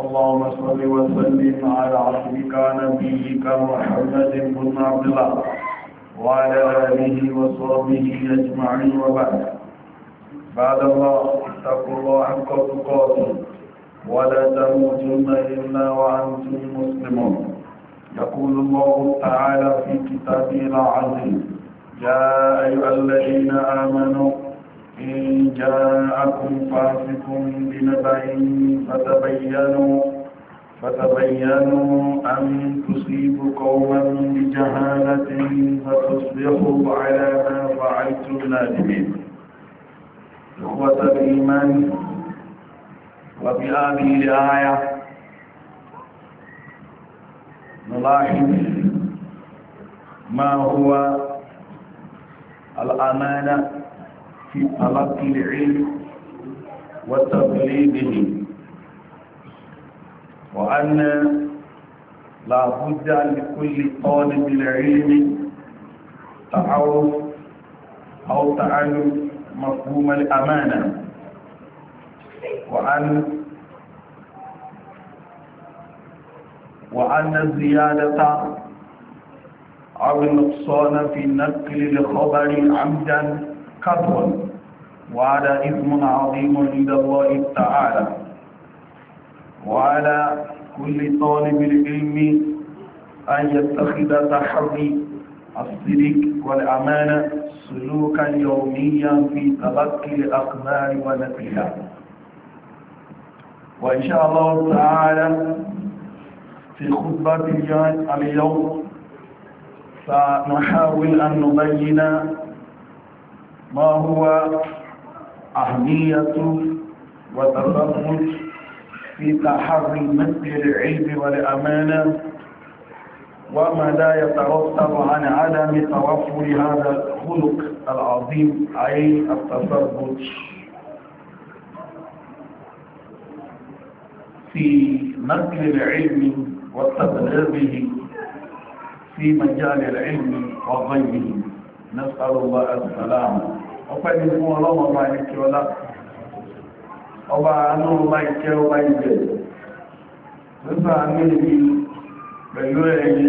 اللهم صل وسلم على عبدك نبيك محمد بن عبد الله وعلى آله وصحبه أجمعين وبعد بعد الله اتقوا الله حق تقاته ولا تموتن إلا وأنتم مسلمون يقول الله تعالى في كتابه العظيم يا أيها الذين آمنوا إن جاءكم فاسق بنبأ فتبينوا فتبينوا أن تصيبوا قوما بجهالة فتصبحوا على ما فعلتم نادمين إخوة الإيمان وبهذه الآية نلاحظ ما هو الأمانة في تلقي العلم وتبليغه وأن لا بد لكل طالب العلم تعرف أو تعلم مفهوم الأمانة وأن وأن الزيادة أو النقصان في نقل الخبر عمدا كثرا وعلى إثم عظيم عند الله تعالى وعلى كل طالب العلم أن يتخذ تحري الصدق والأمانة سلوكا يوميا في تلقي الأقمار ونقلها وإن شاء الله تعالى في خطبة اليوم سنحاول أن نبين ما هو أهمية وتفرد في تحري مثل العلم والأمانة وما لا يترتب عن عدم توفر هذا الخلق العظيم أي التثبت في نقل العلم وتبليغه في مجال العلم وغيره نسأل الله السلامة ọpẹ́ ní fún ọlọ́mọ ọba ìkẹ́ ọlá ọba anú ọba ìkẹ́ ọba ìbẹ̀ lọ́sà níbi pẹ̀lú ẹ̀yẹ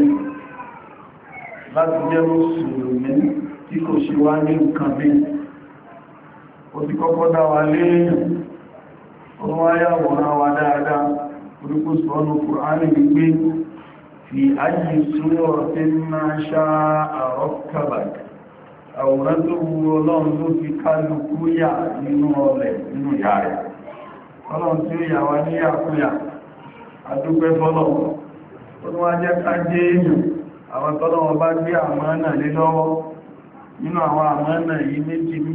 láti jẹ́ mùsùlùmí tí kò ṣe wá ní nǹkan bí ó ti kọ́kọ́ dá léèyàn wa dáadáa àwòrán tó wu ọlọ́run ló fi kájú kúyà nínú ọlẹ̀ nínú ìyá rẹ̀ ọlọ́run tí ó yà wá ní àkúyà adúpẹ́ bọ́lọ̀ ó ní wá jẹ́ ká jẹ́ èèyàn àwọn tọ́lọ́wọ́ bá gbé àmánà lé lọ́wọ́ nínú àwọn àmánà yìí méjì ń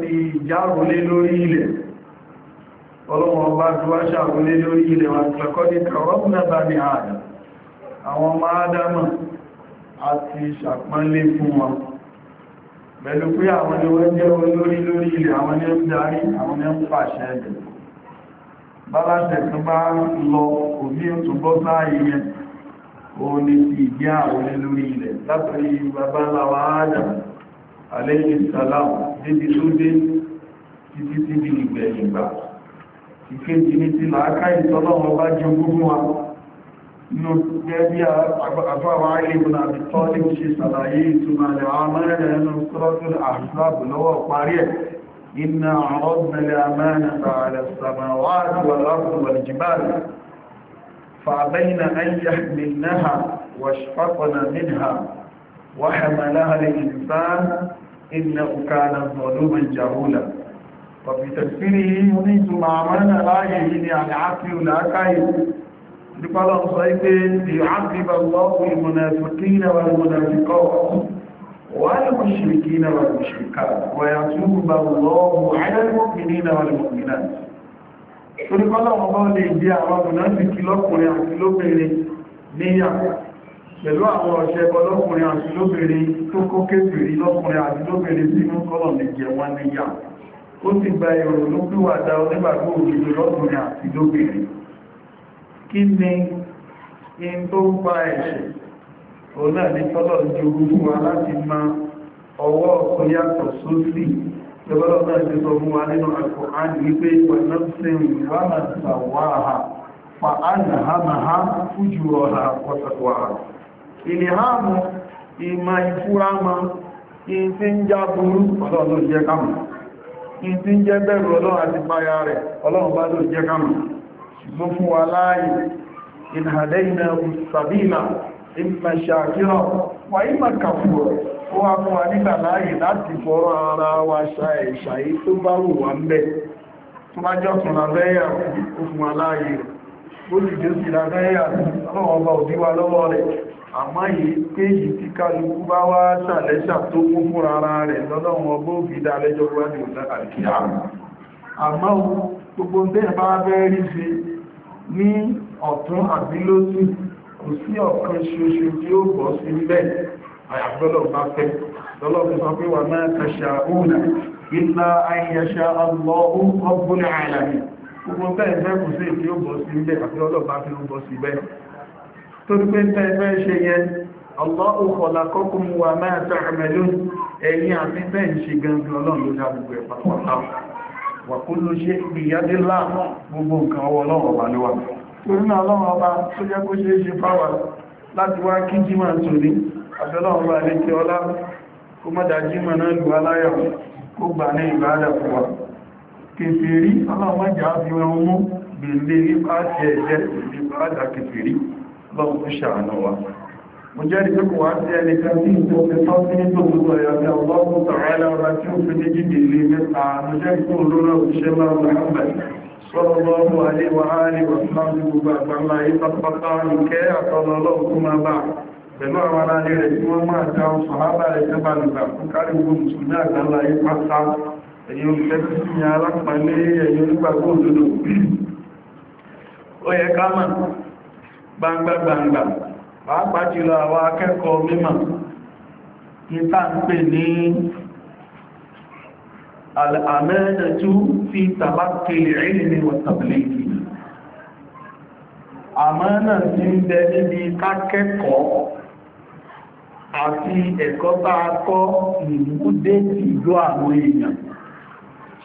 ti járólé lórí ilẹ̀ ọlọ́wọ́n bá tó wá ṣàwọlé lórí ilẹ̀ àtìlẹ̀kọ́dé kàrọ́bùnà bá ní ààdà àwọn ọmọ ádámà àti ṣàpánlé fún wọn pẹ̀lú pé àwọn ni wọ́n jẹ́ olórí lórí ilẹ̀ àwọn ni ń darí àwọn ni ń pàṣẹ ẹ̀dẹ̀ báláṣẹ̀ tó bá lọ òmí òtúbọ́ sáàyè yẹn òun ni ti ìgbé àwọn lórí ilẹ̀ látàrí babaláwa ádámà àlẹ́yìn sàlámù débi tó dé títí síbi ìgbẹ̀yìn gbà ìkéjì ní ti làákà ìtọ́lọ́wọ́ bá jẹ ogún wa inú gẹ́bí àfáwà alìbùn àti tọ́lì ṣe sàlàyé ìtumà rẹ̀ àmọ́rẹ̀ ẹnu sọ́rọ̀tún àṣìláàbù lọ́wọ́ parí ẹ̀ iná àrọ́bìnrin àmọ́rẹ̀ àrẹ̀ sàmàwàtí wà láàrùn wà jìbáàrì فعبين أن يحملنها واشفقن منها وحملها الإنسان إنه كان ظلوما جهولا ọ̀bí tẹ̀sírí mú ní ìtumọ̀ àmọ́nà láàyè yìí ni àdáàfi olàákàyè dípọ́lọ̀ sọ ipé ti àbíbà lọ́pùn ìmọ̀nàfikínà wà ìmọ̀nàfikọ́ wà ní mọ̀ṣìrìkínà wà mọ̀ṣìrìká wà yà túnbà lọ́pùn àyẹ́mọ̀kìnínà wà pẹ̀lú àwọn ọ̀ṣẹ́ ọlọ́kùnrin àti lóbìnrin tó kó kéfèrí lọ́kùnrin àti lóbìnrin sínú kọ́lọ̀ lè jẹ wọn níyà ó sì gba ìrònú píwàdà onígbàgbọ́ òjìlú lọ́dún àti lóbìnrin kí ni in tó ń pa ẹ̀ṣẹ̀ òun náà ní tọ́lọ̀ ju fún wa láti ma ọwọ́ ọ̀tọ̀ yàtọ̀ sósì lọ́wọ́lọ́ fa alhamaha fujuraha wa taqwaha ìlìhàmù ìmà ìfúramà ìfíńjà burú ọlọ́ọ̀lọ́ jẹ́ kàmù ìdí ń jẹ́ bẹ̀rù ọlọ́run àti páyà rẹ̀ ọlọ́run bá ló jẹ́ kàmù ṣùgbọ́n fún wa láàyè ìhàdẹ́ìnà ìsàbílà ìmà ṣàkíràn wà ìmà kàfù rẹ̀ ó wá fún wa nígbà láàyè láti fọ́rọ̀ ara wa ṣàìṣàí tó bá wù ń bẹ̀ tó bá jọ́ amaghị yìí pé ka tí kálukú bá wá ṣàlẹ́ṣà tó mú fúnra ara rẹ̀ lọ́lọ́run ọgbọ́ òfìdá alẹ́jọ́ wájú ìdákàlùkìyà àmọ́ gbogbo tẹ́ bá bẹ́ rí ṣe ní ọ̀tún àbílótí kò sí ọ̀kan ṣoṣo tí ó bọ̀ sí wà náà kàṣà tó pé tẹ́ẹ̀fẹ́ ṣe yẹn Allahu khalaqakum wa ma ta'malun ẹ̀yìn àti bẹ́ẹ̀ ṣe gangan ọlọ́run ló dá gbogbo ẹ̀pà pàtàkì wa kullu shay'in biyadillah gbogbo nǹkan ọwọ́ ọlọ́run ọba ló wà torí náà ọlọ́run ọba tó jẹ́ kó ṣe é ṣe fáwà láti wá kí jímọ̀ tòní àtọ́lọ́run ọba lè tẹ ọlá kó mọ́dá jímọ̀ náà lù aláyọ̀ kó gbà ní ìbáadà fún wa kèfèrí ọlọ́run mọ́jà fi wọn mú gbèlè nípa ti ẹ̀jẹ́ ìbáadà kèfèrí lọ́wọ́ fún ṣàánú wa mo jẹ́ ìjọ kò wá sí ẹni kan tí ìjọ fi tán sí ní tòkútò ẹ̀yọ́ tí ọlọ́pù tààlà ọ̀rá tí ó fi ní jíjì ilé mẹ́ta mo jẹ́ ìjọ pẹ̀lú àwọn aráàlẹ́ rẹ̀ tí wọ́n máa já oṣù àbá rẹ̀ tẹ́bà nígbà fún kárí gbogbo mùsùlùmí àgbàlá ìpapá ẹ̀yìn olùfẹ́kí sí alápàálẹ́ ẹ̀yìn onígbàgbọ́ òdodo ó yẹ ká mọ̀ gbangba-gbangba pàápàá jùlọ àwọn akẹ́kọ̀ọ́ mímọ̀ ní tàbí ní al'amẹ́nàtú fi tàbákìlì ìrìnlẹ̀ wàtàbílìkì àmánà tí ń bẹ níbi kákẹ́kọ̀ọ́ àti ẹ̀kọ́ bá kọ́ ìmúdé ìlú àwọn èèyàn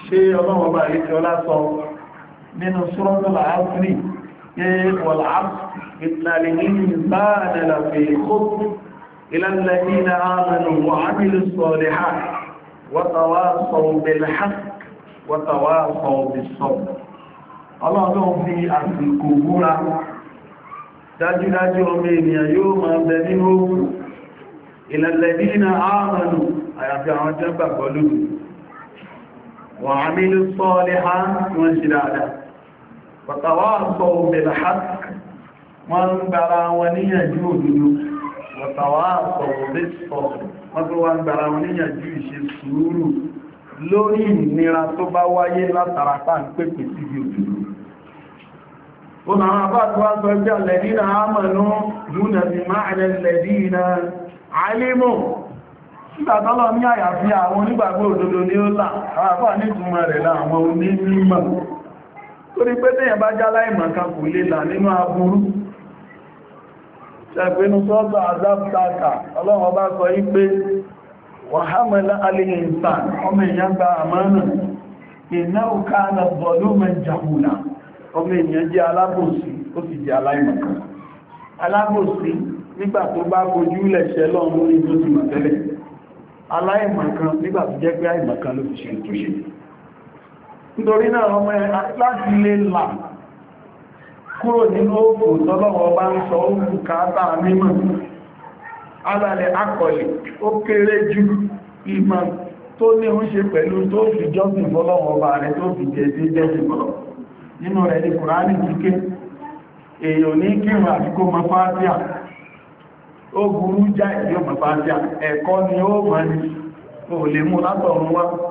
ṣe ọlọ́wọ́ bá ìṣọ́lá sọ nínú ṣúrọ́tọ́lá áfíríkì والعصر إن الإنسان لفي خطر إلى الذين آمنوا وعملوا الصالحات وتواصوا بالحق وتواصوا بالصبر ọlọ́run fi àsìkò búra dájúdájú ọmọ ènìyàn yóò máa bẹ nínú òkú ìlẹ̀lẹ̀dí na ààrùn àyàfi àwọn jẹ́ gbàgbọ́ lórí wọ́n sọ́ọ̀lẹ́ ha wọ́n ṣe dáadáa wàtàwàtọ̀ bil haqq wọ́n ń gbára wọn níyànjú òdodo wàtàwàtọ̀ bis sabr wọ́n tó wọ́n gbára wọn níyànjú ìṣe sùúrù lórí ìnira tó bá wáyé látara pa ń pèpè síbi òdodo ó nà án bá tó wá sọ pé alladhina amanu dúnà bí ma'na alladhina alimu nígbàtọ́lọ́ ní àyàfi àwọn onígbàgbọ́ òdodo ni ó là àwọn àfáà nítumọ̀ rẹ̀ láwọn onímọ̀ torí pé tẹ́yàn bá já láìmọ̀ kan kò lè là nínú aburú ṣẹ̀pínú sọ́ọ̀tọ̀ azáptaka ọlọ́run bá sọ yí pé wàhámẹ́lá alìyìnsàn ọmọ èèyàn gba àmọ́nà iná òká na bọ̀lúmẹ̀ jàmùnà ọmọ èèyàn jẹ́ alábòsí ó sì jẹ́ aláìmọ̀ kan alábòsí nígbà tó bá kojú lẹ̀ṣẹ̀ lọ́run lórí tó ti mọ̀ tẹ́lẹ̀ aláìmọ̀ kan nígbà tó jẹ́ pé àìmọ̀ kan ló fi ṣe ìtúṣe nítorí náà ọmọ ẹ láti lè là kúrò nínú òkú tọ́lọ́wọ́ bá ń sọ òkú káàtà mímọ̀ alàlẹ̀ akọ̀lẹ̀ ó kéré jù ìmọ̀ tó ní ṣe pẹ̀lú tó fi jọ́sìn fọ́lọ́wọ́ bá rẹ̀ tó fi jẹ́ sí jẹ́sìn fọ́lọ́ nínú rẹ̀ ní kùránì kíké èèyàn ní kírùn àti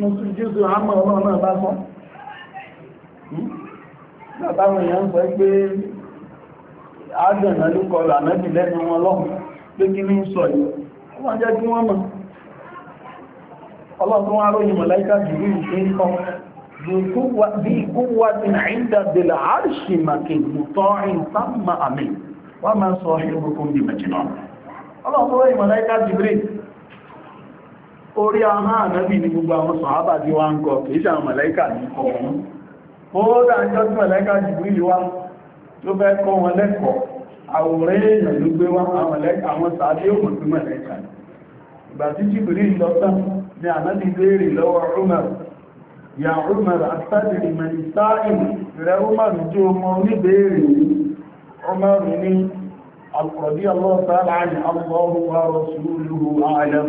mọ́sù jésù àmà ọ̀nà náà bá sọ hmm? bàbá sọ pé àádọ́nà ló kọ lànàbì lẹ́nu wọn lọ́hùn pé kí ní sọ yìí wọ́n jẹ́ kí wọ́n mọ̀ ọlọ́tún wá ròyìn mọ̀láíkà kọ́ orí ahán ànábì ní gbogbo àwọn sọ̀hábà tí wá ń kọ kìí ṣe àwọn mọ̀lẹ́kà ní ọ̀hún ó dájọ́ tí mọ̀lẹ́kà Jibril wá ló fẹ́ kọ́ wọn lẹ́kọ̀ọ́ àwòrán èèyàn ló gbé wá àwọn sàádé ò mọ̀ sí mọ̀lẹ́kà ìgbà tí Jibril lọ tán ni ànábì béèrè lọ́wọ́ Umar ya Umar astadiri manisaim rẹ Umar jó ọmọ oníbèèrè Umar ní alkọ̀dí Allah ta'ala ni Allah wa rasuluhu a'lam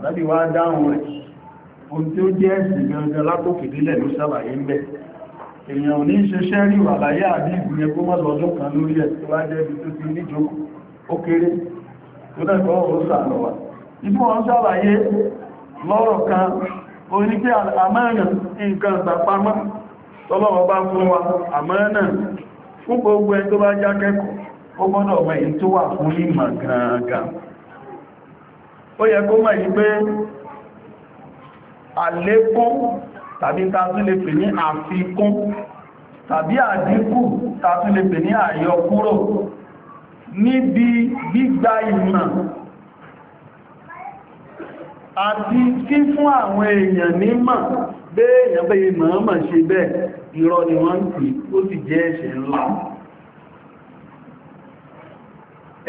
àdábì wá dáhùn rẹ̀ ohun tí ó jẹ́ ẹ̀sìn gangan látòkè délẹ̀ ló sàlàyé ń bẹ̀ èèyàn ní ṣeṣẹ́ rí wàláyé àbí ìgbìyàn kó mọ́ lọ́dún kan lórí ẹ̀ tó wá jẹ́ ibi tó ti níjókòó ó kéré tó dẹ́kọ́ ọ̀rọ̀ sàlọ́wà kan gbogbo wà ó yẹ kó mọ̀ yìí pé àlékún tàbí tàbílẹ̀ pè ní àfikún tàbí àdínkù tàbílẹ̀ pè ní àyọkúrò níbi gbígba ìmọ̀ àti kí fún àwọn èèyàn ní mọ̀ bẹ́ẹ̀yàn bẹ́ẹ̀ mọ̀ọ́mọ̀ ṣe bẹ́ẹ̀ irọ́ ni wọ́n ń pè ó sì jẹ́ ẹ̀ṣẹ̀ ńlá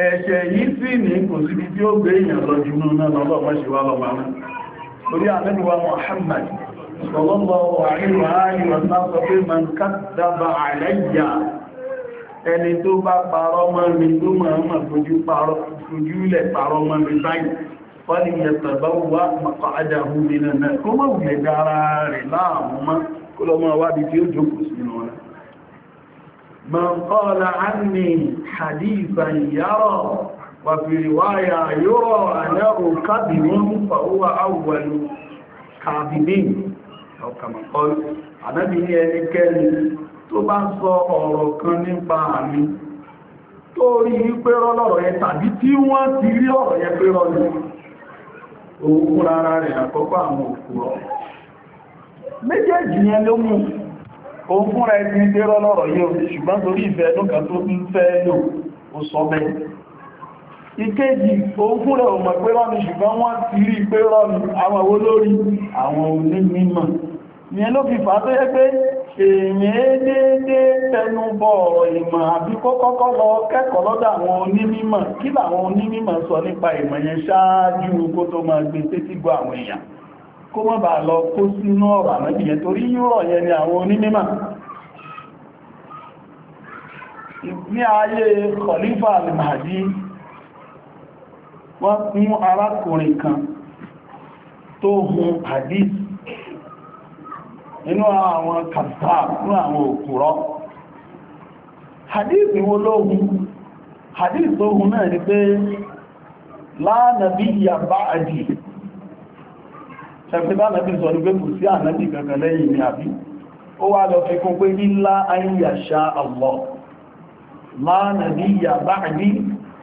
ẹ̀ṣẹ̀ yìí sí ní kò síbi tí ó gbé èèyàn lọ jù náà lọ́lọ́pàá ṣe wá lọ́pàá náà orí àmẹ́lúwà Muhammad sallallahu alaihi wa alihi wa sallam sọ pé man kadaba alayya ẹni tó bá parọ́ mọ́ mi tó máa mọ̀ fojú ilẹ̀ parọ́ mọ́ mi báyìí fọ́lì yẹtàbáwà maq'adahu minan mọ́ من قال عني حديثا يرى وفي رواية يرى أنه كذب فهو أول كاذبين أو كما قال أنا به ẹnikẹ́ni tó bá sọ ọ̀rọ̀ kan nípa tó rí lọ́rọ̀ ẹ tàbí ti rí ọ̀rọ̀ pé rọ́ ní òun rárá rẹ̀ àkọ́kọ́ àwọn òkú méjèèjì òun fúnra ẹni gbérọ́ lọ́rọ̀ yóò ṣùgbọ́n torí ìfẹ́ ẹnu kan tó ń fẹ́ lò ó sọ bẹ́ẹ̀ ìkéjì òun fúnra ò mọ̀ pé rọ́ni ṣùgbọ́n wọ́n ti rí pé rọ́ni àwọn owó lórí àwọn onímọ̀ ìyẹn ló fi fà á tó yẹ pé èèyàn dédé tẹnu bọ ọ̀rọ̀ ìmọ̀ àbí kó kọ́kọ́ lọ kẹ́kọ̀ọ́ lọ́dọ̀ àwọn onímọ̀ kí làwọn onímọ̀ sọ nípa ìmọ̀ yẹn ṣáájú kó tó máa gbé e sétígbọ́ àwọn èèyàn kó mọ́ bà lọ kó sínú ọ̀rọ̀ àmẹ́bì yẹn torí yíò yẹn ni àwọn onímímà ní ayé Khalifa al-Mahdi wọ́n mú arákùnrin kan tó hun hadith nínú àwọn kàtàà fún àwọn òkúrọ́ hadith wo lóhun hadith tó hun náà ni pé la nabiyya ba'di ṣẹ̀fẹ́bá nàbí sọ ní pé kò sí ànábì kankan lẹ́yìn ní àbí ó wá lọ fi kún pé ya an yasha la nabiyya ba'di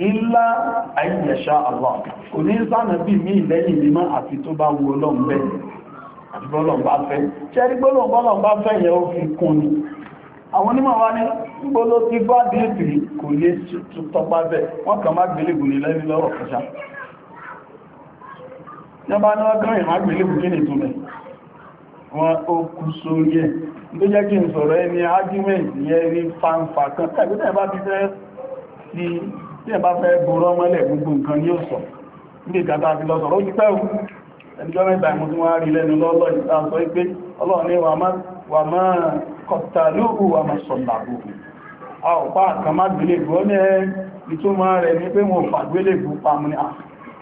illa an yasha Allah kò ní sánàbí mí lẹ́yìn mímọ́ àti tó bá wu ọlọ́run àti bọ́lọ́run fẹ́ nígbà ní ọgọ́rin àgbèlébù ni túnmẹ̀ wọn ó kú sórí ẹ̀ tó jẹ́ kí n sọ̀rọ̀ ẹni argument yẹ ní fanfa kan tàbí tẹ́ bá fi fẹ́ sí tí ẹ bá fẹ́ borọ́ mọ́lẹ̀ gbogbo nǹkan ní ọ̀sọ̀ ní ìkàtà àti lọ́sọ̀rọ̀ ó ti pẹ́ ẹjọ́ mẹ́ta ìmú tí wọ́n rí lẹ́nu lọ́lọ́ ìtàṣọ ipé ọlọ́ọ̀ni a rẹ̀ ní pé wọn ò fà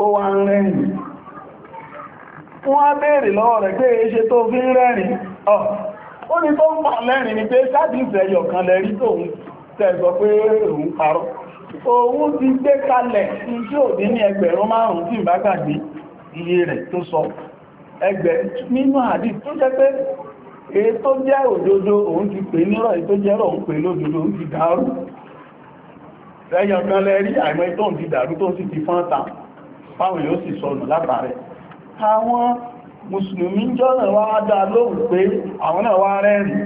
ó wá ń rẹ́rìn wọ́n á bèèrè lọ́wọ́ rẹ̀ pé ṣe tó fi ń rẹ́rìn ó ní tó ń pa lẹ́rìn ni pé ń pé òun parọ́ òun ti gbé kalẹ̀ tí dín ní ẹgbẹ̀rún márùn-ún tí iye rẹ̀ tó sọ ẹgbẹ̀ nínú àdí pé tó jẹ́ òun ti pè nírọ̀ èyí tó jẹ́ rọ̀ pè òun ti dàrú ẹyọ̀kan lẹ́rí àìmọ́ tó ti dàrú tó ti fọ́n fáwọn yóò sì sọnù látàrẹ àwọn mùsùlùmí jọ́nà wá dá lóhùn pé àwọn náà wá rẹ́rìn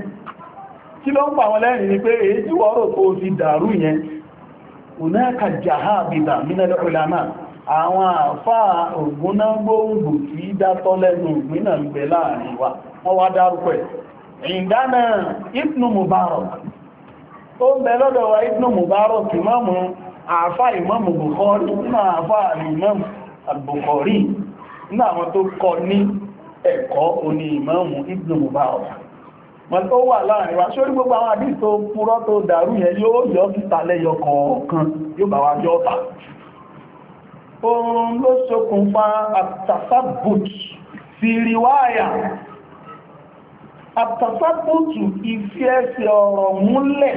kí ló ń pa àwọn lẹ́rìn ni pé èyí tí wọ́n rò tó ti dàrú yẹn jahabida mínẹ́lẹ́ ulama àwọn àfáà ògúnná gbóògbò tí àbùkọ̀rí ní àwọn tó kọ ní ẹ̀kọ́ oní ìmáàmù Ibn Mubarak mọ̀ tó wà láàrin wa ṣórí gbogbo àwọn àdí tó purọ́ tó dàrú yẹn yóò yọ síta lẹ́yọ kọ̀ọ̀kan yóò bá wa jọ ta oòrùn ló ṣokùnfà àtàfàbùt fi ríwáyà àtàfàbùtù ìfi ẹsẹ̀ ọ̀rọ̀ múlẹ̀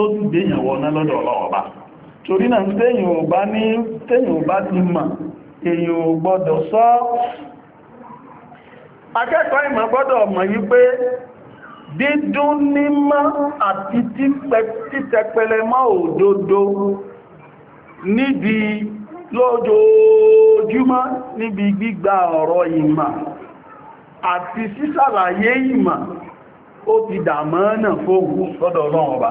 tó ti gbéyàn wọ lọ́dọ̀ ọlọ́ọ̀bá torí náà tẹ́yìn ò bá ní tẹ́yìn ò bá ti mọ̀ èyàn ò gbọ́dọ̀ sọ akẹ́kọ̀ọ́ ìmọ̀ gbọ́dọ̀ mọ̀ yí pé dídún ní nímọ̀ àti títẹpẹlẹ mọ́ òdodo níbi lójoojúmọ́ níbi gbígba ọ̀rọ̀ ìmọ̀ àti sísàlàyé ìmọ̀ ó ti dàmọ́ náà fóògùn lọ́dọ̀ ọlọ́run ọba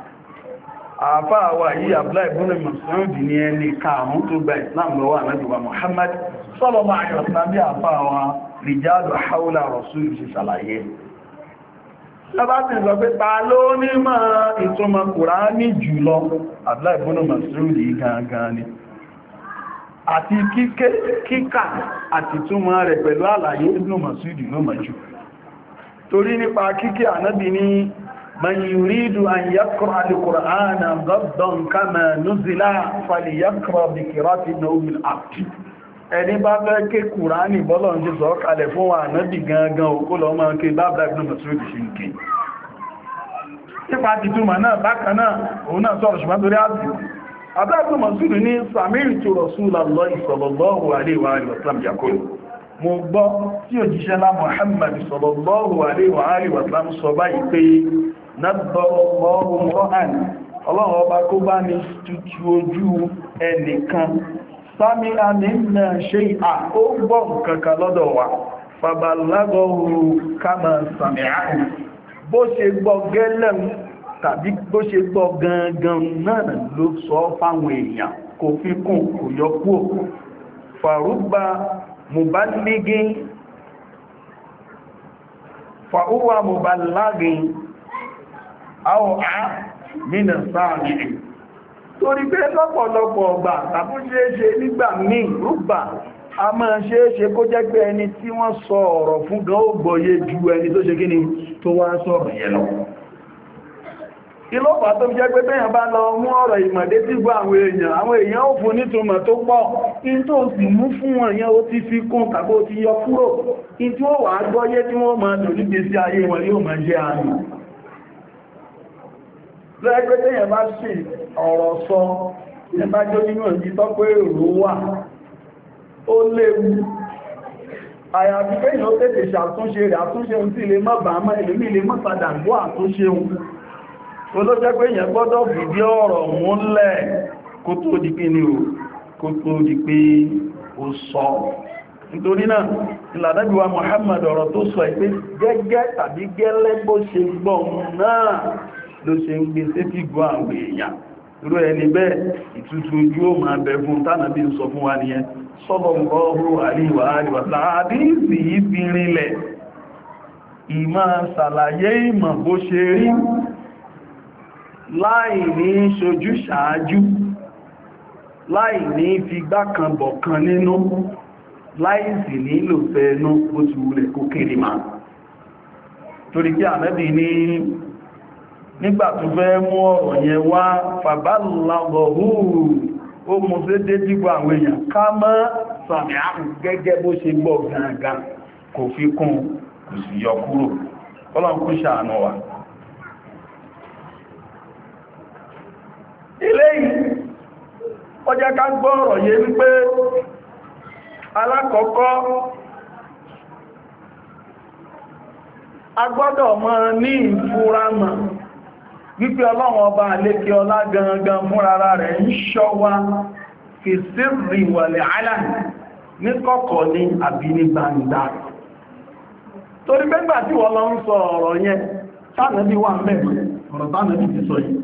àfá àwà yìí àbúlá ìbúnlẹ̀ mọ̀sánúdì ní ẹni kààrùn tó gba islam lọ́wọ́ àmẹ́bíwà Muhammad sọ́lọ́mà àyọ̀sán bí àfá àwà rìjáàlù haúlà rọ̀súlù ṣe ṣàlàyé lábátí sọ pé ta ló ní máa ìtumọ̀ kùránì jùlọ àbúlá ìbúnlẹ̀ mọ̀sánúdì gangan ni àti kíkà àti túnmọ̀ rẹ̀ pẹ̀lú àlàyé ìbúnlẹ̀ mọ̀sánúdì ló mọ̀ jù torí nípa kíkẹ́ ànábì ní من يريد أن يقرأ القرآن غضا كما نزل فليقرأ بقراءة النوم العبد ẹni bá fẹ́ ké kùránì bọ́lọ̀ ń jẹ́ sọ́kàlẹ̀ fún wa náàbì gangan òkú lọ máa ké bá bá ìgbìmọ̀ tí ó ti ṣe ń ké nípa ti túnmà náà bákan náà òun náà sọ́rọ̀ ṣùgbọ́n torí àbìyàn abẹ́gbìmọ̀ sùdù ní samiri tó Rasulullahi sallallahu alaihi wa nàbọ̀rọ̀lọ́rùn rọ́hàn ọlọ́run ọba kó bá ní tutù ojú ẹnìkan sámi àmìnà ṣe àkó gbọ́ kankan lọ́dọ̀ wa fàbàlágọ́rù kàmà sàmì àrùn bó ṣe gbọ́ gẹ́lẹ̀ tàbí bó ṣe gbọ́ gangan náà ló sọ fáwọn èèyàn kò fi kún kò yọ kúò fàrúgbà mùbálígín fàúwà àwọ̀ á mínà sáàmì torí pé lọ́pọ̀lọpọ̀ ọgbà tàbí ṣeéṣe nígbà míì rúgbà a máa ṣeéṣe kó jẹ́ pé ẹni tí wọ́n sọ ọ̀rọ̀ fún gan ó gbọ́yé ju ẹni tó ṣe kíni tó wá sọ̀rọ̀ yẹn lọ ìlọ́pàá tó jẹ́ pé bẹ́yàn bá lọ mú ọ̀rọ̀ ìmọ̀dé tí gbọ́ àwọn èèyàn àwọn èèyàn ò fún nítumọ̀ tó pọ̀ in tó sì mú fún wọn yẹn ó ti fi kún tàbí ó ti yọ kúrò in tí ó wà gbọ́yé tí wọ́n máa lò nígbésí ayé wọn yóò máa lọ́ẹ̀pẹ́ tẹ́yẹ̀ bá sì ọ̀rọ̀ sọ jẹ́ nínú pé wà ó léwu àyàfi pé tètè ṣàtúnṣe rẹ̀ àtúnṣe ohun ilé mọ́ ilé gbọ́ àtúnṣe ohun tó ló jẹ́ pé gbọ́dọ̀ fìdí ọ̀rọ̀ múlẹ̀ kó tó di pé ni o kó tó di pé ó sọ nítorí náà ìlànàbíwa Muhammad ọ̀rọ̀ tó sọ ìpé gẹ́gẹ́ tàbí ṣe ló ṣe ń gbé sí fígbọ́ àwọn èèyàn irú ẹni bẹ́ẹ̀ ìtútù ojú ó máa bẹ̀ fún tánà bí sọ fún wa nìyẹn sallallahu alaihi wa alihi wa sallam àdíìsì yìí fi rinlẹ̀ ìmá ṣàlàyé ìmọ̀ bó ṣe rí láì ní ṣojú ṣáájú láì ní figbákanbọ̀kan nínú láì sì nílò fẹ́ẹ̀nú bó ti wulẹ̀ kó kéré máa torí kí àmẹ́bì ní nígbà tó fẹ́ mú ọ̀rọ̀ yẹn wá fàbálàgọ̀hù ó mú sí dédé gbà àwọn èèyàn ká mọ́ sàmì àrùn gẹ́gẹ́ bó ṣe gbọ́ gangan kò fi kún kò sì yọ kúrò alákọ̀ọ́kọ́ mọ́ ní wípé ọlọ́run ọba àlékẹ́ ọlá gangan fúnrara rẹ̀ ń ṣọ́ wa fi sírì wàlẹ̀ ní kọ̀kọ̀ ní àbí ní gbangba torí gbẹ́gbà tí wọ́n lọ ń sọ ọ̀rọ̀ yẹn tánàbí wà mẹ́rin ọ̀rọ̀ tánàbí ti sọ yìí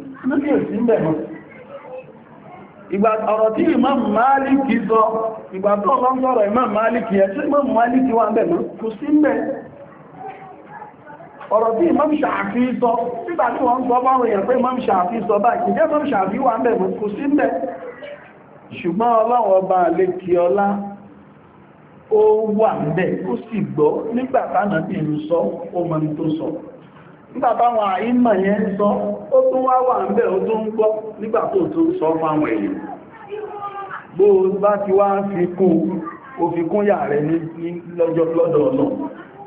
ọ̀rọ̀ tí Imam Ṣàfí sọ nígbà tí wọ́n ń sọ báwọn èèyàn pé Imam Ṣàfí sọ báyìí jẹ́ Imam Ṣàfí wà mẹ́ kò sí mẹ́ ṣùgbọ́n ọlọ́run ọba àlekì ọlá ó wà mẹ́ ó sì gbọ́ nígbà tánà tí ń sọ ó mọ̀ ní tó sọ nígbà táwọn àìmọ̀ yẹn ń sọ ó tún wá wà ń bẹ̀ ó tún ń gbọ́ nígbà tó tún sọ fáwọn èèyàn bó bá ti wá fi kún òfikún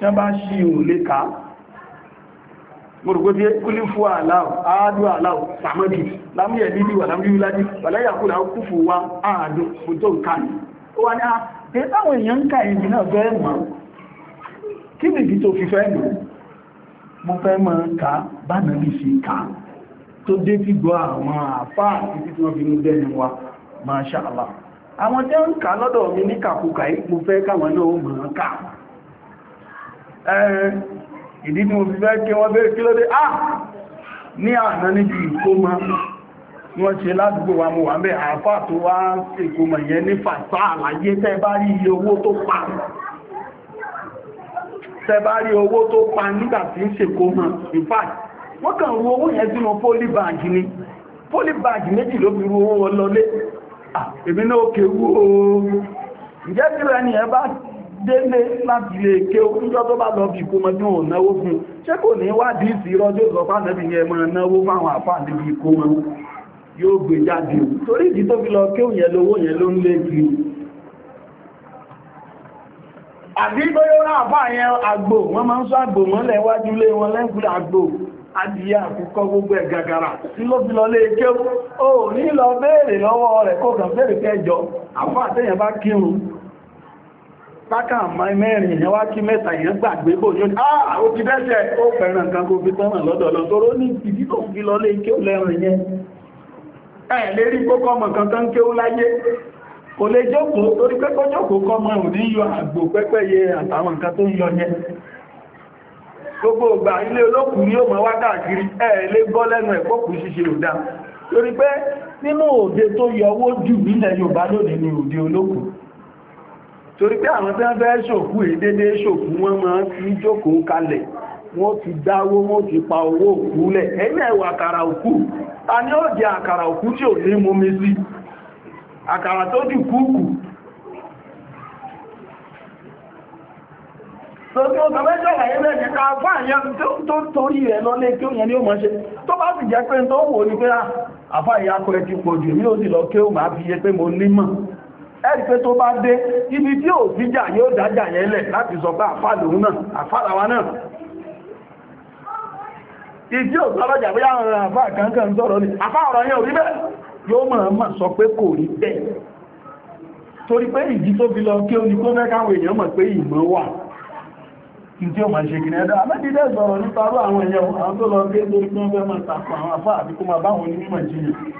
tẹ́ bá ṣí ò lè ká gbogbo tí kú ní fún aláwọ̀ àádọ́ aláwọ̀ sàmọ́dì lámúyẹ̀ lílì wà lámúyẹ̀ lájí wàlẹ́yàkúlà kúfù wa àádọ́ mọ́tò káàkiri ó wá ní a ah, pé táwọn èèyàn ń ká ìbí náà fẹ́ mọ̀ kí nìdí tó fi fẹ́ mọ̀ mo fẹ́ mọ̀ ká bánà bí sí ká tó dé fi gbọ́ àwọn àfáà títí tí wọ́n fi mú bẹ́ẹ̀ni wa Masha Allah àwọn tẹ́ ń ká lọ́dọ̀ mi ní kàkùkà mo fẹ́ káwọn náà mọ̀ ká Eh, ìdí tí mo fi fẹ́ kí wọ́n bèèrè kí ló ah ní àná níbi ìkómọ wọ́n ṣe ládùúgbò wa mo wà mẹ́ àfà tó wá ìkómọ yẹn ní fàtà àlàyé tẹ́ bá rí iye owó tó pa tẹ́ bá rí owó tó pa nígbà tí ń ṣèkómọ in fact wọ́n kàn ru owó yẹn sínú polybag ni polybag méjì ló fi ru owó délé láti ilé ké oúnjọ́ tó bá lọ bí ìkómọ tí wọ́n náwó fún ṣé kò ní wádìí sí rọ́jọ́ ìsọpá nẹ́bí ní ẹmọ náwó fáwọn àfáà níbi ìkómọ yóò gbé jáde torí ìdí tó fi lọ ké òyìn lówó yẹn ló ń lé kiri àbí bóyá rán àfáà yẹn àgbò wọ́n máa ń sọ àgbò mọ́lẹ̀ wájú lé wọn lẹ́kùnlẹ̀ àgbò adìyà àkùkọ gbogbo ẹ̀ gàgàrà tí ló fi lọ lé ké ó ní lọ béèrè lọ́wọ́ rẹ̀ kó kàn béèrè kẹjọ àfáà tẹ́yẹn bá kírun kákà mẹ́rin èèyàn wá kí mẹ́ta èèyàn gbàgbé bò ní ah, ó ti dẹ́ṣẹ̀ ó fẹ́ràn nǹkan kó fi tọ́nà lọ́dọ̀ lọ tó ró ní ìdí tó fi lọ lé kí ó lẹ́rìn yẹn ẹ̀ lérí kókọ́ ọmọ kankan kí ó láyé kò lè jókòó torí pẹ́kọ́ jókòó kọ́ mọ́ ò ní yọ àgbò pẹ́pẹ́yẹ àtàwọn nǹkan ni ni òde torí pé àwọn tí wọ́n fẹ́ ṣòkú ìdédé ṣòkú wọ́n máa ti jókòó kalẹ̀ wọ́n ti dáwó wọ́n ti pa owó òkú lẹ̀ ẹ̀yìn ẹ̀wọ̀ àkàrà òkú ta ni ó jẹ àkàrà òkú tí ò ní mú mi sí àkàrà tó jù kúkù lórí ọgbà mẹ́jọ àyẹ́ mẹ́jẹ ká bá àyẹ́ tó torí rẹ̀ lọ lé kí ó yẹn ni ó máa ṣe tó bá sì jẹ́ pé tó wò ní pé ah, àfáà ìyá kọrẹ ti pọ̀jù mí ó sì ẹ̀rí pé tó bá ibi tí ò síjà yóò dájà yẹn láti sọ pé àfà náà àfàlàwà náà Ìdí ò sọ́lọ́jà bóyá ọ̀rọ̀ àfà kankan ní àfà ọ̀rọ̀ yẹn ò bẹ́ẹ̀ yóò sọ pé kò rí bẹ́ẹ̀ torí pé ìdí tó fi lọ kí o ní kó fẹ́ èèyàn mọ̀ pé ìmọ̀ wà ṣe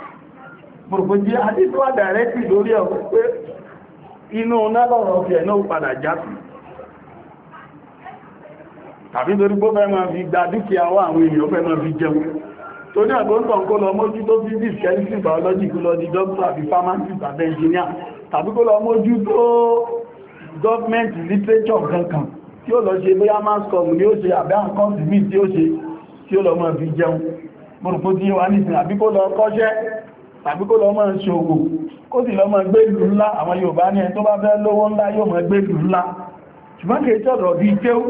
gbogbogbò àdíjú wà dàrẹ́kì lórí ọ̀pọ̀ pé inú nálọ̀rọ̀ ọ̀fẹ́ náà padà jásù tàbí torí gbó fẹ́ máa fi gba dúkìá wá àwọn èèyàn fẹ́ máa fi jẹun tó ní àgbóǹtàn kó lọ mójú tó physics chemistry biology kó lọ di doctor àbí pharmacist àbí engineer tó government literature kankan tí ó lọ com ni ó ṣe àbí àkọ́ǹtì míì tí ó ṣe tí ó lọ máa fi jẹun mọ̀rùn-ún tí wà tàbí kó lọ máa ṣòwò kó sì lọ máa gbé ìlú ńlá àwọn Yorùbá ní ẹni tó bá fẹ́ lówó ńlá yóò máa gbé ìlú ńlá ṣùgbọ́n kìí tọ́rọ̀ bí tẹ́ó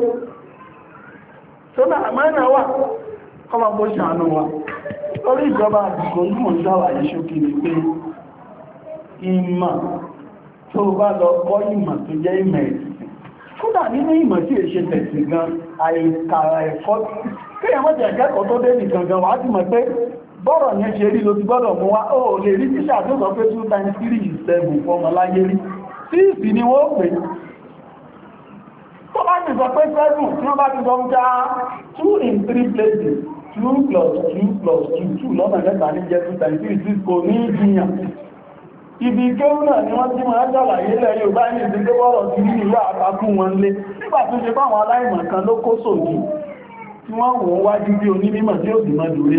sọ́nà àmánà wà kọ́mọ bó ṣàánú wa lórí ìjọba àdìgbò ní mò ni pé ìmọ̀ tó bá lọ kọ́ ìmọ̀ tó jẹ́ ìmọ̀ ẹ̀sìn kódà nínú ìmọ̀ tí èṣe tẹ̀sìn gan àìkàrà ẹ̀kọ́ kéèyàn mọ́jà ìkẹ́kọ̀ọ́ tó dé nìkan gan wà á ti mọ̀ pé bọ́rọ̀ yẹn ṣe rí ló ti gbọ́dọ̀ mú wá ó lè rí tíṣà tó sọ pé 2 times 3 is 7 fọmọ láyé rí tí ìsì ni wọ́n pè tó bá ti sọ pé 7 tí wọ́n bá ti sọ ń já 2 in 3 places 2 plus 2 plus 2 2 lọ́nà mẹ́ta ní jẹ́ 2 times 3 kò ní ìjìyàn ibi kéwú náà ni wọ́n ti mọ̀ ẹ́sàlàyé ilẹ̀ Yorùbá ní ìdílé bọ́rọ̀ ti rí ìlú àpapún wọn lé nígbà tó ṣe báwọn aláìmọ̀ kan ló kó sòdì tí wọ́n wọ́n wájú bí onímọ̀ tí ó sì mọ̀ lórí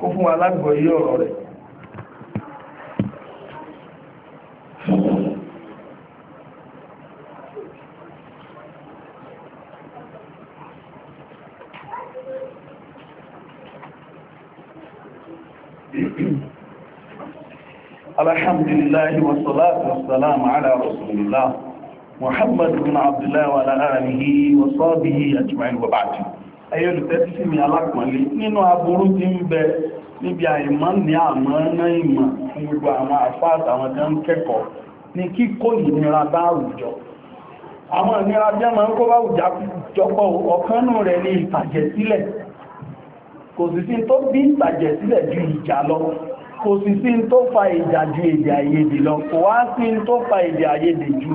kó fún alágbọ̀ yí ọ̀rọ̀ rẹ̀ alhamdulillahi wa salatu wa salamu ala rasulillah muhammadu bin abdullahi wa ala alihi wa sahbihi ajma'in wa ba'du ẹyẹ olùtẹ́sí mi alápọ̀nlé nínú aburú tí ń bẹ níbi àìmọ́ ní àmọ́ náà ìmọ̀ fún gbogbo àwọn àfá àtàwọn tó ń kẹ́kọ̀ọ́ ní kíkó ìnira bá àwùjọ àwọn ìnira ń ju ìjà lọ kò sì sí ju èdè àìyedè lọ kò wá sí tó fa èdè àìyedè ju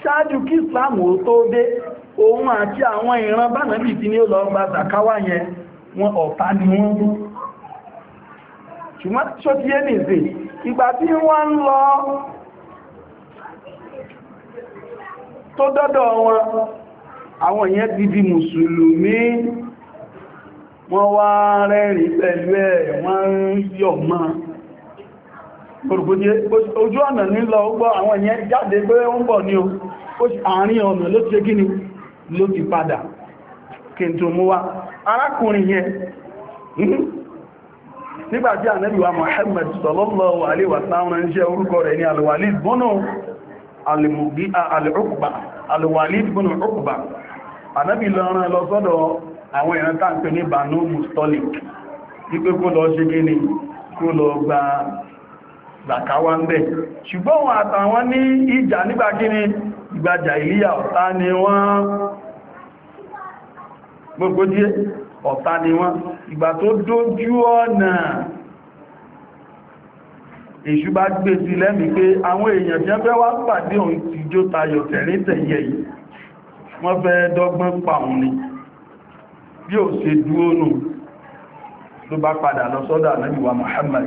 ṣáájú kí islam ó tó dé òun àti àwọn ìran bánàbì tí ní ó lọ gba zakawa yẹn wọn ọ̀tá ni wọ́n ṣùgbọ́n ṣó ti yé nìsè ìgbà tí wọ́n ń lọ tó dọ́dọ̀ wọn àwọn yẹn ti di mùsùlùmí wọ́n wá rẹ́rìn pẹ̀lú ẹ̀ wọ́n ń yọ̀ mọ́ orùgbòdí ojú ọ̀nà nílọ ọgbọ́ àwọn ìyẹn jáde pé ó ń bọ̀ ní o àárín ọ̀nà ló ti gíní ló ti padà kí n tó mú wá arákùnrin yẹn nígbàtí ànẹ́bíwá Muhammad sallallahu alaihi wasallam orúkọ rẹ̀ ní Banu gba zaka wá ń bẹ̀ ṣùgbọ́n wọn àtàwọn ní ìjà nígbà kíni ìgbàjà ìlíyà ọ̀tá ni wọ́n gbogbo díẹ̀ ọ̀tá ni wọ́n ìgbà tó dójú ọ̀nà èṣù bá gbé sí lẹ́mìí pé àwọn èèyàn jẹ́ fẹ́ wá pàdé òun ti jó tayọ̀ tẹ̀rín tẹ̀yẹ yìí ni bí ò ṣe dúó nù ló bá padà wa Muhammad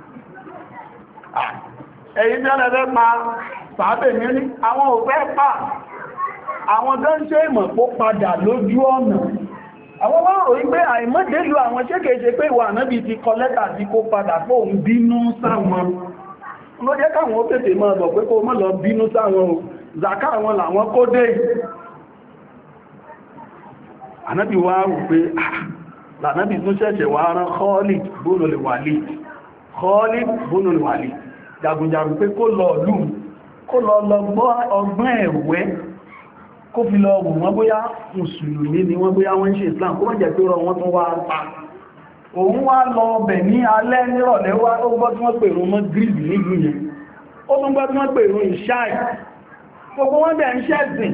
ẹ̀yìn bí ọ̀rẹ́ pa sàábẹ̀ mi ní àwọn òfẹ́ pa àwọn tó ń ṣe ìmọ̀ pó padà lójú ọ̀nà àwọn wọ́n rò wípé àìmọ́dé lu àwọn ṣékèṣe pé ìwà ànábì ti kọ lẹ́tà tí kó padà fóun bínú sáwọn ló jẹ́ káwọn ó tètè mọ́ ọ̀bọ̀ pé kó mọ́ lọ bínú sáwọn o zàká àwọn làwọn kó dé ànábì wá rò pé ah, lànábì tún ṣẹ̀ṣẹ̀ wá rán Khalid bónú lè wàlì Khalid bónú lè wàlì jagunjagun pé kó lọ lù kó lọ lọ gbọ́ ọgbọ́n ẹ̀wẹ́ kó fi lọ wù wọ́n bóyá mùsùlùmí ni wọ́n bóyá wọ́n ń ṣe Islam kó mọ́jẹ̀ pé rọ wọ́n tún wá pa òun wá lọ ọbẹ̀ ní alẹ́ nírọ̀lẹ́ wá ó gbọ́ tí wọ́n pè rún mọ́ gírígì nílùú ó tún gbọ́ tí wọ́n pè rún ìṣáì gbogbo wọ́n bẹ̀ ń ṣẹ̀sìn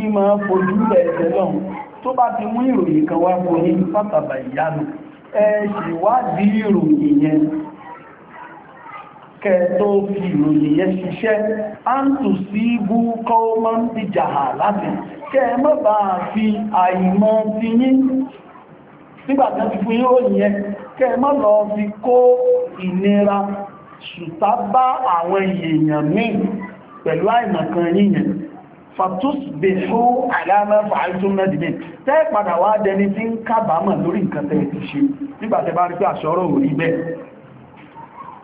ìmọ̀ fojú ẹ̀ẹ̀sẹ̀ lọ́n tó bá ti mú ìròyìn kan wá fún yín pàtàkì ìyánu ẹ ṣèwádìí ìròyìn yẹn kẹtọ́ fi ìròyìn yẹn ṣiṣẹ́ áńtù sí ibú kọ́ọ́mọ́ ti jàhà láti kẹ mọ́ bá fi àìmọ̀ ti yín nígbàtí ti fún yóò yẹn kẹ mọ́ lọ fi kó ìnira ṣùtá bá àwọn èèyàn míì pẹ̀lú àìmọ̀kan yíyàn fàtúsbìhú àlàmà fàájúm náà dìmí tẹ́ padà wá dẹni tí ń kábàámọ̀ lórí nǹkan tẹ́ ti ṣe nígbàtẹ́ bá rí pé àṣọ́rọ̀ ò rí bẹ́ẹ̀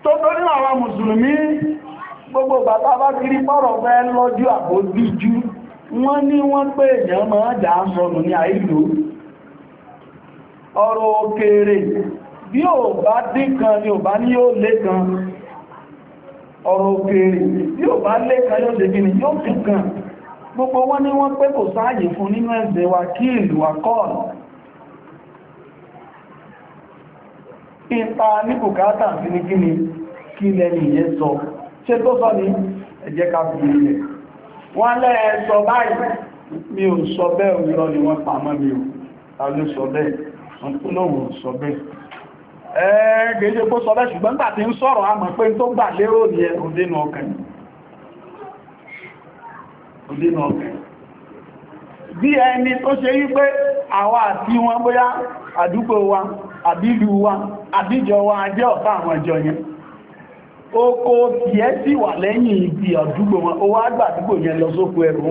tó tó ní àwọn mùsùlùmí gbogbo bàbá bá kiri pọ́rọ̀ fẹ́ lọ́jú àbójújú wọ́n ní wọ́n pé èèyàn máa dà á sọnù ní àìlò ọ̀rọ̀ òkèèrè bí ò bá dín kan ni ò bá ní yóò lé kan ọ̀rọ̀ òkèèrè bí ò bá lé kan yóò lé kan gbogbo wọ́n ní wọ́n pé kò sáàyè fún nínú ẹ̀sẹ̀ wa kí ìlú wa kọ́ọ̀lù ipa ní bùkátà sí ní gíní kí lẹ́ni ìyẹn sọ ṣe tó sọ ní ẹ̀jẹ́ ká fi ilẹ̀ wọ́n lẹ́ẹ̀ sọ báyìí mi ò sọ bẹ́ẹ̀ òyìnbó ni wọ́n pàmọ́ mi ò ta ló sọ bẹ́ẹ̀ ìdínà ọ̀fẹ́ bí ẹni tó ṣe pé àwa àti wọn bóyá àdúgbò wa àbílù wa àbíjọ wa jẹ́ àwọn ìjọ yẹn ó kó tiẹ̀ sí wà lẹ́yìn ibi àdúgbò wọn ó wá gbà àdúgbò lọ sóko ẹrù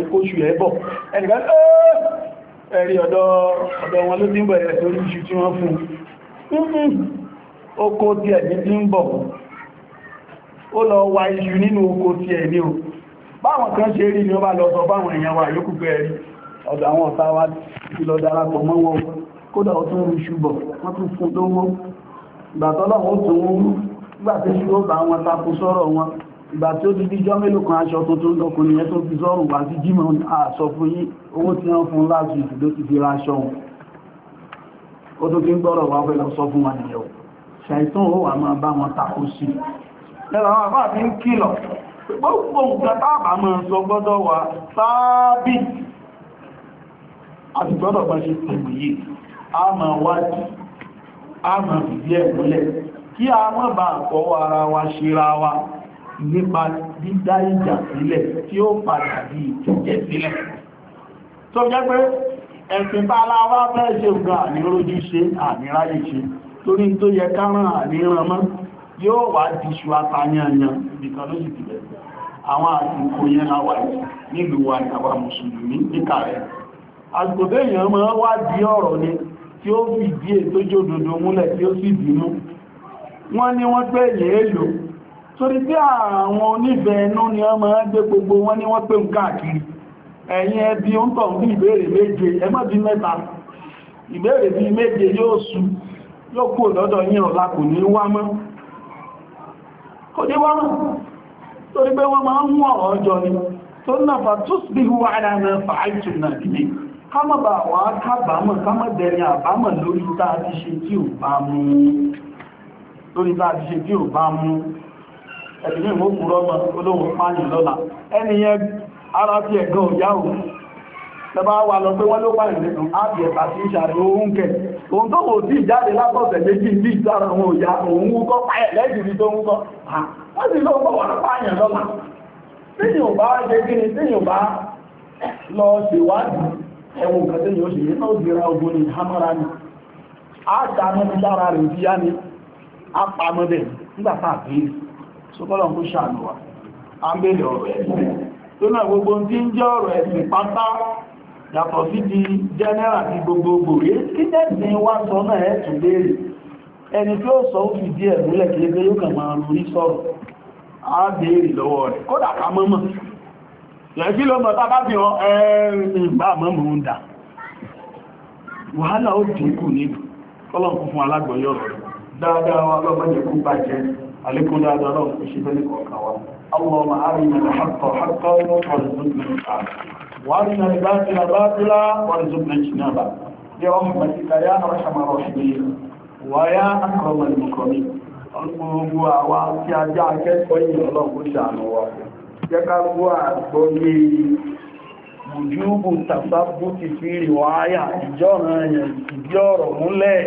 ń kó báwọn kan ṣe rí ni ó bá lọ sọ báwọn èèyàn wa yóò kúfẹ́ rí ọ̀dọ̀ àwọn ọ̀tá wa ti lọ darapọ̀ mọ́ wọn kódà ó tún rí ṣùbọ̀ wọ́n tún fún lówó ìgbàtọ́lọ́wọ́ tún wọ́n nígbà tí ṣùgbọ́n bá wọn tako sọ́rọ̀ wọn ìgbà tí ó ti díjọ́ mélòó kan aṣọ tuntun lọkùnrin yẹn tó fi sọ́rùn wá sí jímọ̀ àṣọ fún yí owó tí wọ́n fún láti ìdúdó ti fi ra wọn ó tó kí ń gbọ́rọ̀ wá fẹ́ sọ fún wa nìyẹn ṣàìsàn ó wà máa bá wọn tako sí ẹ̀rọ àwọn àbá àti ń kìlọ̀ gbogbo nǹkan táàbà mọ́ sọ gbọ́dọ̀ wà sáábì àti gbọ́dọ̀ bá ṣe tẹ̀mù yìí a máa wájú a máa fìdí ẹ̀ múlẹ̀ kí a mọ́ bá àkọ́ ara wa ṣera wa nípa dídá ìjà sílẹ̀ tí ó padà di ìtẹ̀jẹ̀ sílẹ̀ tó jẹ́ pé ẹ̀sìn bá aláwá fẹ́ ṣe nǹkan ànírójú ṣe àníráyè ṣe torí tó yẹ káràn àníran mọ́ yóò wá ti ṣù àtàyànyàn nìkan ló sì àwọn àsìkò yẹn láwà nílùú wa ìyàwó mùsùlùmí níkà rẹ̀ àsìkò bẹ́yàn máa wá di ọ̀rọ̀ ni tí ó fi ìdí ètò jòdòdó múlẹ̀ tí ó sì bínú wọ́n ní wọ́n pẹ́ èlò torí tí àwọn ẹnu ni wọ́n máa gbogbo wọ́n ni wọ́n ẹ̀yìn ẹbí ń tọ̀ bí ìbéèrè méje mẹ́ta ìbéèrè bí méje yóò su, yóò lọ́dọ̀ ní kò ní wọ́n torí pé wọ́n máa ń mú ọ̀rọ̀ ọjọ́ ni tó ń nàfà tó sì hu ara na fàájù nà ilé wà á kábàámọ̀ kámọ̀dẹ̀rin àbámọ̀ lórí tá ti ṣe tí ò bá mú lórí tá ti ṣe tí ò ara tẹba wà lọ pé wọ́n ló pààrẹ̀ nínú sí kẹ ohun tó tí ìjáde látọ̀sẹ̀ méjì ní ìtara ohun òyà òun wúkọ́ pààyẹ̀ lẹ́jì tó ń kọ́ wọ́n sì lọ́wọ́ wọ́n pààyàn lọ́la tíyìn lọ ó náà a gbogbo ti ń jẹ́ ọ̀rọ̀ ẹ̀sìn yàtọ̀ sí di general ní gbogbogbò ndị kí tẹ́sìn wá sọ náà ẹ̀ tún léèrè ẹni tí ó sọ ó fi díẹ̀ múlẹ̀ kí ẹgbẹ́ yóò kàn máa rú ní sọ̀rọ̀ béèrè lọ́wọ́ rẹ̀ kódà ká mọ́mọ́ lẹ́kí ló mọ̀ wọn ẹ̀rìn ìgbà ń dà وارنا الباطل باطلا وارزقنا اجتنابه برحمتك يا ارحم الراحمين ويا اكرم المكرمين gbogbo àwa tí a já akẹ́kọ̀ọ́ yìí ọlọ́pù ṣàánú wa jẹ́ ká gbó àgbóyé mùjúbù tàbábù ti fi rí wọ́n áyà ìjọ́ràn ẹ̀yàn ìdí ọ̀rọ̀ múlẹ̀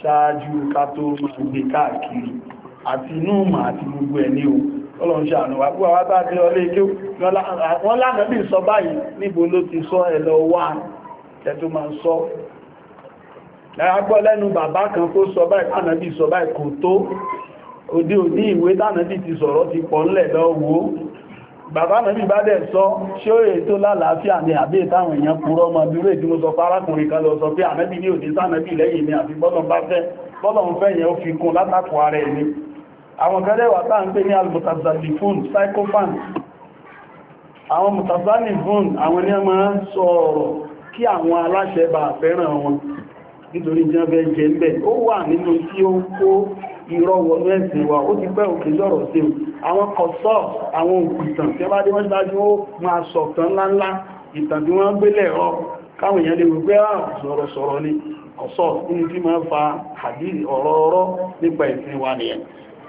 ṣáájú ká tó máa gbé káàkiri àti inú mà àti gbogbo ẹ̀ ní òkú ọlọ́run ṣàánú wà púpọ̀ wá bá ní ọlé ikú wọ́n lánàá bí sọ báyìí níbo ló ti sọ ẹ̀lọ wà tẹ́tù máa sọ lágbọ́ lẹ́nu bàbá kan kó sọ báyìí tánàbí sọ báyìí kò tó òdí òdí ìwé tánàbí ti sọ̀rọ̀ ti pọ̀ ńlẹ̀ lọ́wọ́ bàbá nàbí bá dẹ̀ sọ ṣé ó ètò lálàáfíà ní àbí ìtàwọn èèyàn purọ́ ọmọ lọ sọ ni àfi bọ́lọ̀ bá fẹ́ àwọn gẹ́lẹ́wà tàà ń pè ní al-mutazalifun psychophant àwọn mutazalifun àwọn ní ọmọ sọ̀rọ̀ kí àwọn aláṣẹ bá fẹ́ràn wọn nítorí jẹ́bẹ̀ jẹ́ ńbẹ̀ ó wà nínú tí ó kó irọ́ ẹ̀sìn wa ó ti pẹ́ òkè lọ́rọ̀ sí àwọn kọ̀sọ́ àwọn òkùtàn tí wọ́n dé wọ́n dájú ó máa sọ̀tàn ńláńlá ìtàn tí wọ́n gbélẹ̀ rọ káwọn èèyàn lè wípé àrùn ah, sọ̀rọ̀sọ̀rọ̀ ni kọ̀sọ́ nínú tí máa fa àdí ọ̀rọ̀ ọ̀rọ̀ nípa ìsìn wa nìyẹn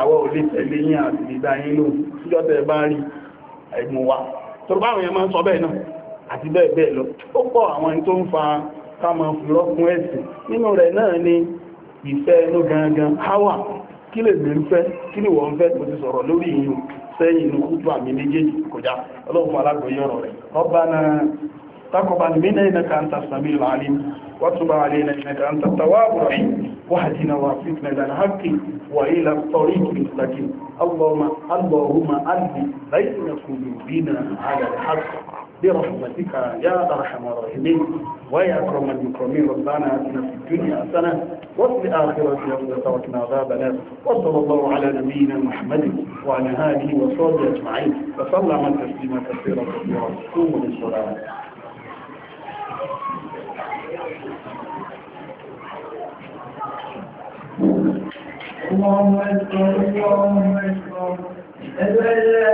àwọ́ ò lè tẹ̀lé yín àti ìgbà yín lò síjọ́tẹ̀ bá rí wa tó bá àwọn èèyàn sọ bẹ́ẹ̀ náà àti bẹ́ẹ̀ bẹ́ẹ̀ lọ ó pọ̀ àwọn ẹni tó ń fa káàmà fúrọ́kún ẹ̀sìn nínú rẹ̀ náà ni gangan háwà kí lè ń fẹ́ kí ni wọ́n fẹ́ kò ti sọ̀rọ̀ lórí ìyún sẹ́yìn inú kútù àmì méjèèjì kọjá ọlọ́run ọba تقبل منا إنك أنت السميع العليم وتب علينا إنك أنت التواب الرحيم واهدنا وافقنا إلى الحق وإلى الطريق المستقيم اللهم اللهم ألف بين قلوبنا على الحق برحمتك يا أرحم الراحمين ويا أكرم المكرمين ربنا آتنا في الدنيا حسنة وفي الآخرة حسنة وقنا عذاب النار وصلى الله على نبينا محمد وعلى آله وصحبه أجمعين وسلم تسليما كثيرا كثيرا قوموا للصلاة اللهم اكبر اللهم اكبر